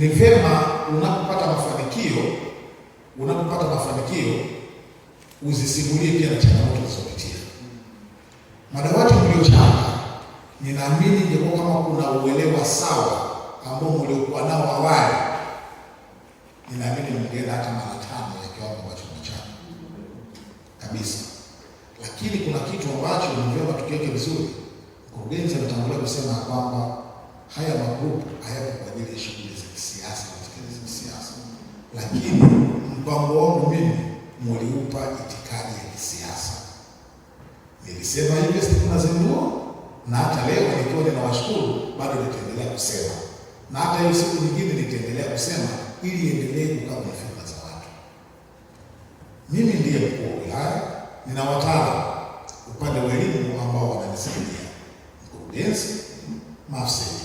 ni vyema unapopata mafanikio unapopata mafanikio uzisimulie pia na changamoto ulizopitia. Madawati mliochanga, ninaamini ingekuwa kama kuna uelewa sawa ambao mliokuwa nao awali, ninaamini mngeenda hata mara tano ya kiwango ambacho mnachanga kabisa. Lakini kuna kitu ambacho ni vyema tukiweke vizuri. Mkurugenzi ametangulia kusema kwamba haya magrupu hayapo kwa ajili ya shughuli za kisiasa kutekeleza kisiasa, lakini mpango wangu mimi mliupa itikadi ya kisiasa. Nilisema hivyo siku nazindua, na hata leo nilikuwa ninawashukuru, bado nitaendelea kusema, na hata hiyo siku nyingine nitaendelea kusema ili iendelee kukaa kwenye fikra za watu. Mimi ndiye mkuu wa wilaya, nina upande wa elimu ambao wananisimamia, mkurugenzi, maafisa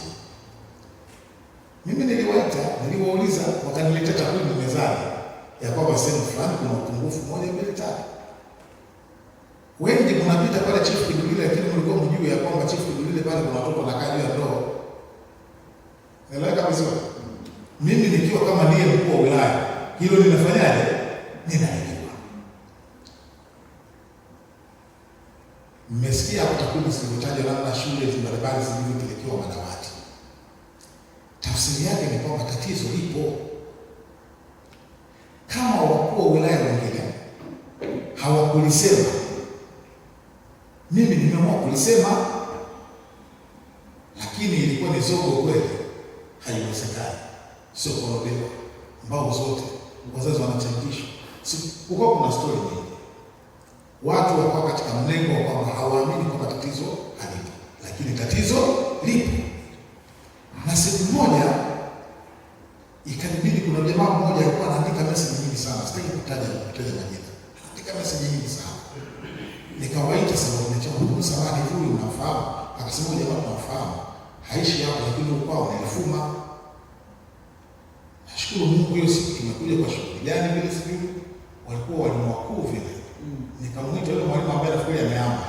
mimi niliwaita, niliwauliza, wakanileta takwimu mezani ya kwamba sehemu fulani kuna upungufu moja mbili tatu. Wengi mnapita pale Chifu Kidurile, lakini mlikuwa mjui ya kwamba Chifu Kidurile pale kuna watoto na juu ya ndoo. Naeleweka vizuri? Mimi nikiwa kama ndiye mkuu wa wilaya, hilo linafanyaje? Ninaelewa. Mmesikia takwimu zilivyotajwa, namna shule mbalimbali zilivyoelekewa madawati tafsiri yake ni kwamba tatizo lipo. Kama wakuu wa wilaya wengine hawakulisema, mimi nimeamua kulisema, lakini ilikuwa ni zogo kweli, haiwezekani. Sio kuolewa mbao zote, wazazi wanachangishwa, uko kuna stori nyingi watu wakawa katika mlengo wa kwamba hawaamini kwamba tatizo halipo, lakini tatizo lipo na sehemu moja ikanibidi, kuna jamaa mmoja alikuwa anaandika meseji nyingi sana, sitaki kutaja kutaja majina, anaandika meseji nyingi sana. Nikawaita sasa, nimechoma huyu samani huyu unafahamu? Akasema huyu jamaa unafahamu, haishi hapo, lakini ukwao unaifuma. Nashukuru Mungu, hiyo siku imekuja kwa shughuli gani vile sijui, walikuwa walimu wakuu vile. Nikamwita yule mwalimu ambaye nafikiri ameama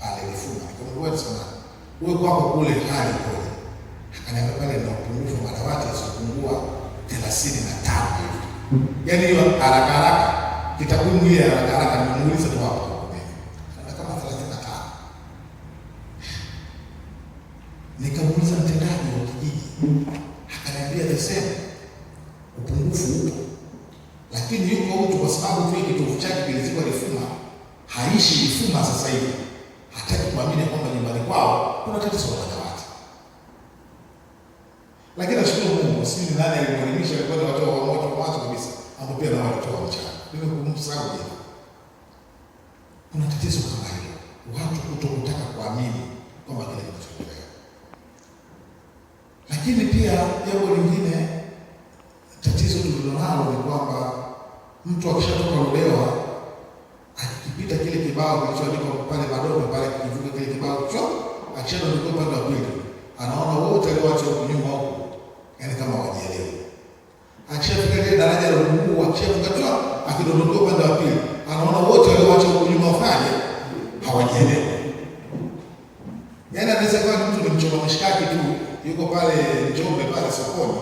pale alifuma, nikamwambia sana, wewe kwako kule hali koje? Akaniambia pale na upungufu wa madawati yasiyopungua thelathini na tano hivi. Mm-hmm. Yaani hiyo haraka haraka kitabuni hiyo haraka haraka nimemuuliza tu hapo. Kama thelathini na tano. Nikamuuliza mtendaji wa kijiji. Mm-hmm. Akaniambia the same. Upungufu upo. Lakini yuko mtu kwa sababu tu kitovu chake kilizikwa Haishi Rufuma sasa hivi. Hataki kuamini kwamba nyumbani kwao kuna tatizo la madawati. Lakini nashukuru Mungu, si ni nani alimwelimisha, alikuwa ni watoto wa moto mwanzo kabisa, ambao pia na watoto wa mchana. Mimi kumsahau jina. Kuna tatizo kama hilo, watu kutokutaka kuamini kwamba kile kinachotokea. Lakini pia jambo lingine tatizo tulilonalo ni kwamba mtu akishatoka ulewa akipita kile kibao kilichoandikwa pale madogo pale, kivuka kile kibao cho, akishaenda upande wa pili, anaona wote aliowacho kutoka sokoni,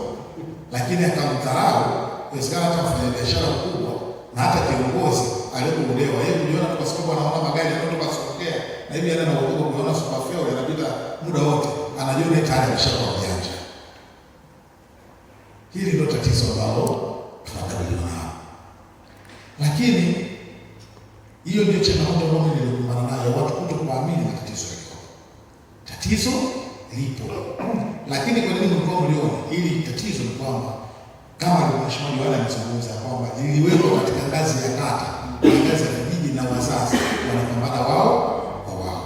lakini akamdharau, inawezekana hata mfanya biashara mkubwa na hata kiongozi aliyemuolewa yeye mjiona kwa sababu anaona magari yanatoka Songea na hivi ana naogopa kuona super feo yanapita muda wote, anajiona tayari ameshakuwa mjanja. Hili ndio tatizo ambalo tunakabiliana nao, lakini hiyo ndio changamoto ambayo nilikumbana nayo, watu kuto kuamini na tatizo liko, tatizo lipo lakini kwa nini mkoa mliona ili tatizo ni kwamba kama mheshimiwa diwani amezungumza kwamba liliwekwa katika ngazi ya kata, ngazi ya kijiji na wazazi wanapambana wao kwa wao.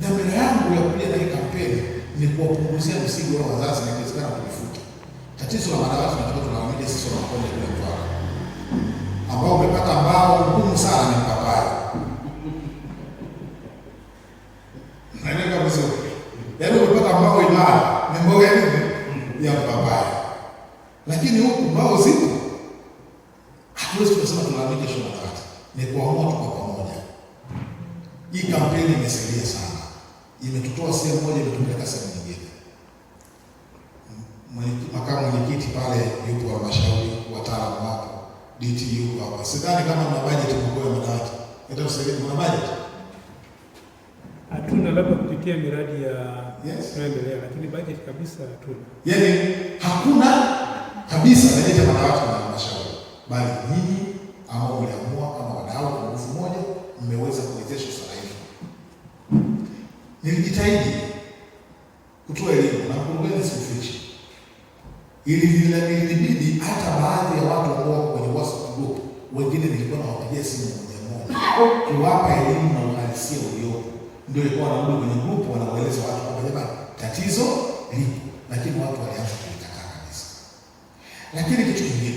Dhamira yangu ya kuja na hii kampeni ni kuwapunguzia mzigo wa wazazi na kuwezekana kulifuta tatizo la madawati. na tunawaambia sisi wanakwenda kwa ambao umepata mbao ngumu sana Hii kampeni imesaidia sana, imetutoa sehemu moja, imetupeleka sehemu nyingine. Makamu mwenyekiti pale yupo, halmashauri wataalamu wapo, DT yupo hapa. Sidhani kama mna bajeti mkoa wa madawati, hata msaidia, kuna bajeti hatuna, labda kupitia miradi ya yes tunaendelea, lakini bajeti kabisa hatuna, yaani hakuna kabisa bajeti ya madawati na halmashauri, bali nyinyi ambao mliamua kama wadau kwa nguvu moja mmeweza kuwezesha sana. Nilijitahidi kutoa elimu na kuongeza mkurugenzi sikufichi, ilibidi hata baadhi ya watu ambao wako kwenye WhatsApp group wengine nilikuwa nawapigia simu moja moja kuwapa elimu na uhalisia uliopo, ndio ilikuwa wanarudi kwenye group wanaeleza watu kwamba jamani, tatizo lipo, lakini watu walianza kulikataa kabisa. Lakini kitu kingine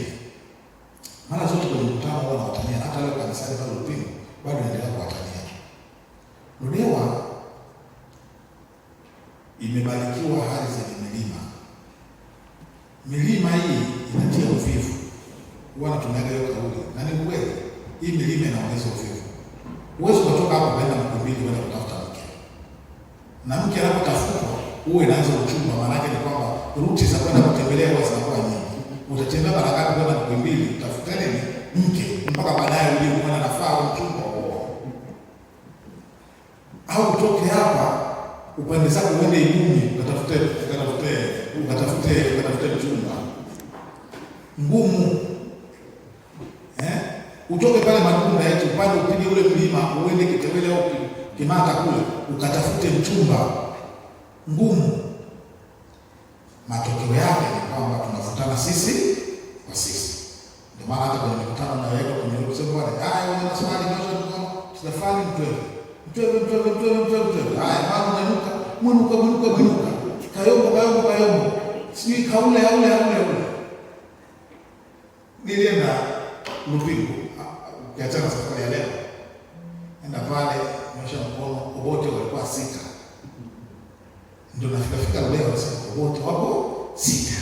huwa natumiaga hiyo kauli na ni kweli, hii milima inaongeza uvivu. Huwezi kutoka hapo kwenda Mkumbiji kwenda kutafuta mke, na mke anapotafutwa huwa inaanza uchumba. Maana yake ni kwamba ruti za kwenda kutembelea huwa zinakuwa nyingi. Utatembea Barakati kwenda Mkumbiji, tafuteni mke mpaka baadaye uje uone nafaa uchumba huo, au utoke hapa upande zako uende Igunyi ukatafute ukatafute ukatafute Kimata kule ukatafute mchumba ngumu, matokeo yake ni kwamba tunavutana sisi kwa sisi. Ndio maana hata kwenye mikutano nayoenda kwenye ile kusema bwana, naswali safari mtweve mtweve mtweve mtweve mtweve mtweve, haya mambo mwenuka mwenuka mwenuka mwenuka, kayombo kayombo kayombo, sijui kaule aule aule aule ndio nafikafika leo siku wote wapo sita,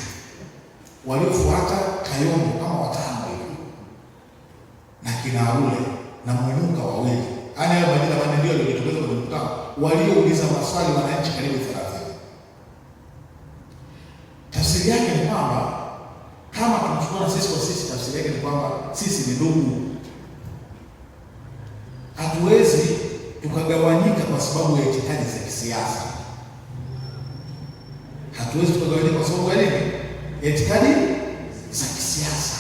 waliofuata Kayombo kama watano hivi na Kinaule na Mwinuka wawili. Haya yaani hayo majina manne ndio yalijitokeza kwenye mkutano, waliouliza maswali wananchi karibu thelathini. Tafsiri yake ni kwamba kama tunachukua sisi kwa sisi, tafsiri yake ni kwamba sisi ni ndugu, hatuwezi tukagawanyika kwa sababu ya itikadi za kisiasa hatuwezi tukagawanyika kwa sababu ya Itikadi za kisiasa.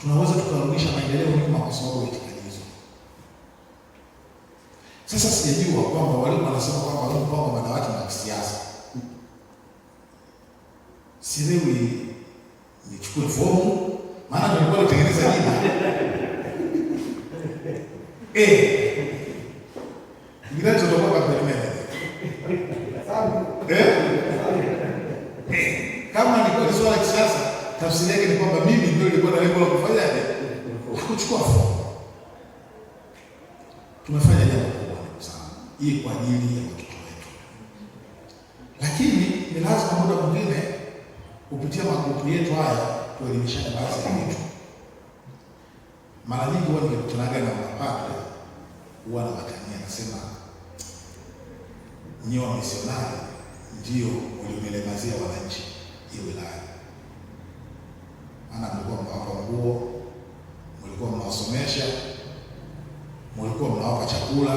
Tunaweza tukarudisha maendeleo nyuma kwa sababu ya itikadi hizo. Sasa sijajua kwamba walimu wanasema kwamba walimu wamepanga madawati na kisiasa, silewi nichukue fomu, maana nilikuwa natengeneza jina eh tafsiri yake ni kwamba mimi ndio nilikuwa na lengo la kufanyaje, la kuchukua fomu. Tumefanya jambo kubwa sana, hii kwa ajili ya watoto wetu, lakini ni lazima muda mwingine kupitia magrupu yetu haya tuelimishane baadhi ya vitu. Mara nyingi huwa nikikutanaga na mapadre huwa watania, nasema nyiwe wamisionari ndio uliomelemazia wananchi hii wilaya maana mlikuwa mnawapa nguo, mlikuwa mnawasomesha, mlikuwa mnawapa chakula.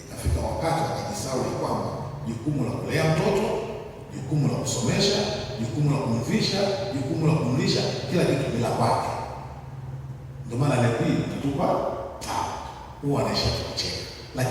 Ikafika wakati wakajisahau kwamba jukumu la kulea mtoto, jukumu la kusomesha, jukumu la kumvisha, jukumu la kumlisha, kila kitu bila kwake. Ndio maana leo hii mtupa huwa anaisha kucheka lakini